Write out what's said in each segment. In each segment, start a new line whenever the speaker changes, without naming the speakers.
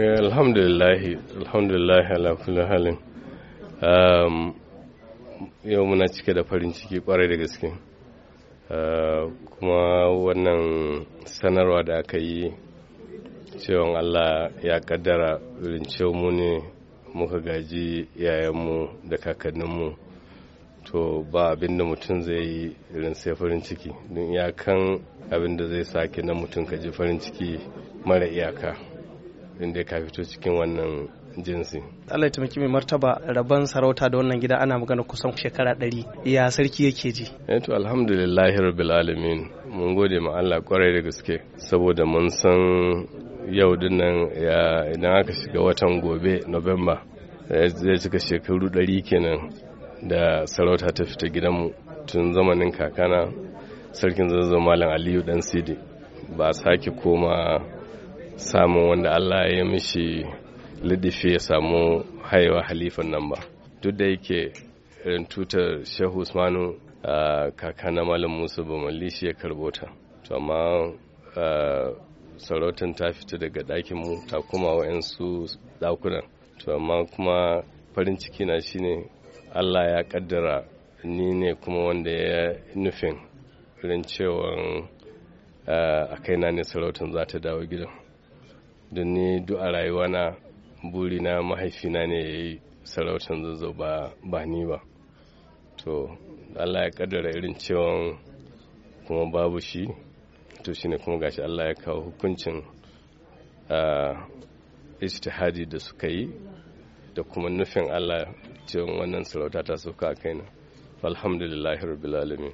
alhamdulillahi eh, alhamdulillahi ala halin yau muna cike da farin ciki kwarai da gaske eh, kuma wannan sanarwa da aka yi cewan allah ya kaddara irin mu ne muka gaji yayanmu da kakanninmu to ba abin da mutum zai yi irin sai farin ciki don iyakan abin da zai sake na mutum ka ji farin ciki mara iyaka inda ka fito cikin wannan jinsi. Allah ya mai martaba rabon sarauta da wannan gida ana magana kusan shekara ɗari ya sarki yake ji. Eto eh alhamdulillahi rabbil alamin mun gode ma Allah kwarai da gaske saboda mun san yau dinnan idan aka shiga watan gobe November eh, zai cika shekaru ɗari kenan da sarauta ta fita gidanmu tun zamanin kakana sarkin zazzau malam aliyu dan sidi ba sake koma samun wanda Allah ya mishi ladifi ya samu haiwa halifan nan ba duk da yake irin tutar shehu usmanu kaka na malam musa bamali shi ya karbo ta to amma sarautan ta fita daga ɗakin mu ta kuma wa'yansu ɗakunan to amma kuma farin ciki na shine allah ya kaddara ni ne kuma wanda ya nufin irin cewa a kaina ne sarautan za ta dawo gidan don ne duk a buri na mahaifina ne ya yi sarautar zazzau ba ni ba to allah ya kaddara irin cewa kuma babu shi to ne kuma gashi allah ya kawo hukuncin istihadi da suka yi da kuma nufin allah cewa wannan sarauta ta sauka kai na alhamdulillahi rabbil alamin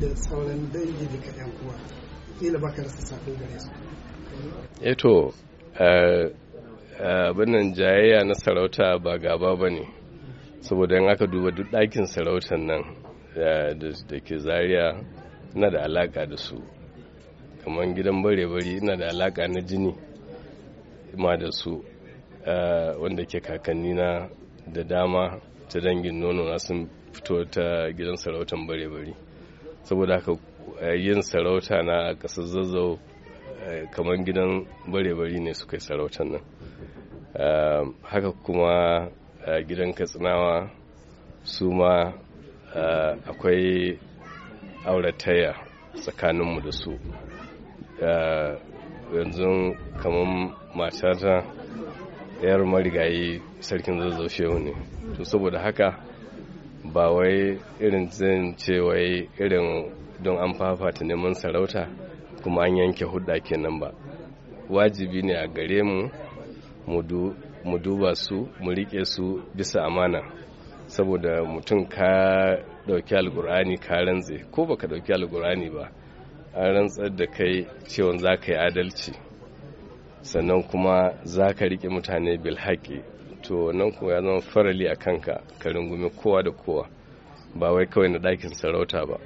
da sauran dangi yan uwa kila ba ka rasa sako gare su eto eh eh, eh, abinnan jayayya na sarauta ba gaba ba ne saboda in aka duba duk ɗakin sarauta nan da ke zaria na da alaka da su kamar gidan bare-bare na da alaka na jini ma da su wanda ke kakanni na da dama ta dangin nono na sun fito ta gidan sarautan bare-bare saboda haka Eh, yin sarauta na a ƙasar zazzau eh, kamar gidan bare-bari ne suka yi sarautar nan eh, haka kuma gidan katsinawa su ma akwai auratayya tsakaninmu da su yanzu kamar matata yar marigayi sarkin zazzau shehu ne to saboda haka ba wai irin zan ce wai irin don an fafata neman sarauta kuma an yanke hudda kenan ba wajibi ne a gare mu mu duba su mu rike su bisa amana saboda mutum ka dauki alkur'ani ka rantse ko baka dauki alkur'ani ba an rantsar da kai cewa za ka yi adalci sannan kuma za ka rike mutane bilhaƙi to nan ko ya zama farali a kanka ka rungumi kowa da kowa ba wai kawai na ɗakin sarauta ba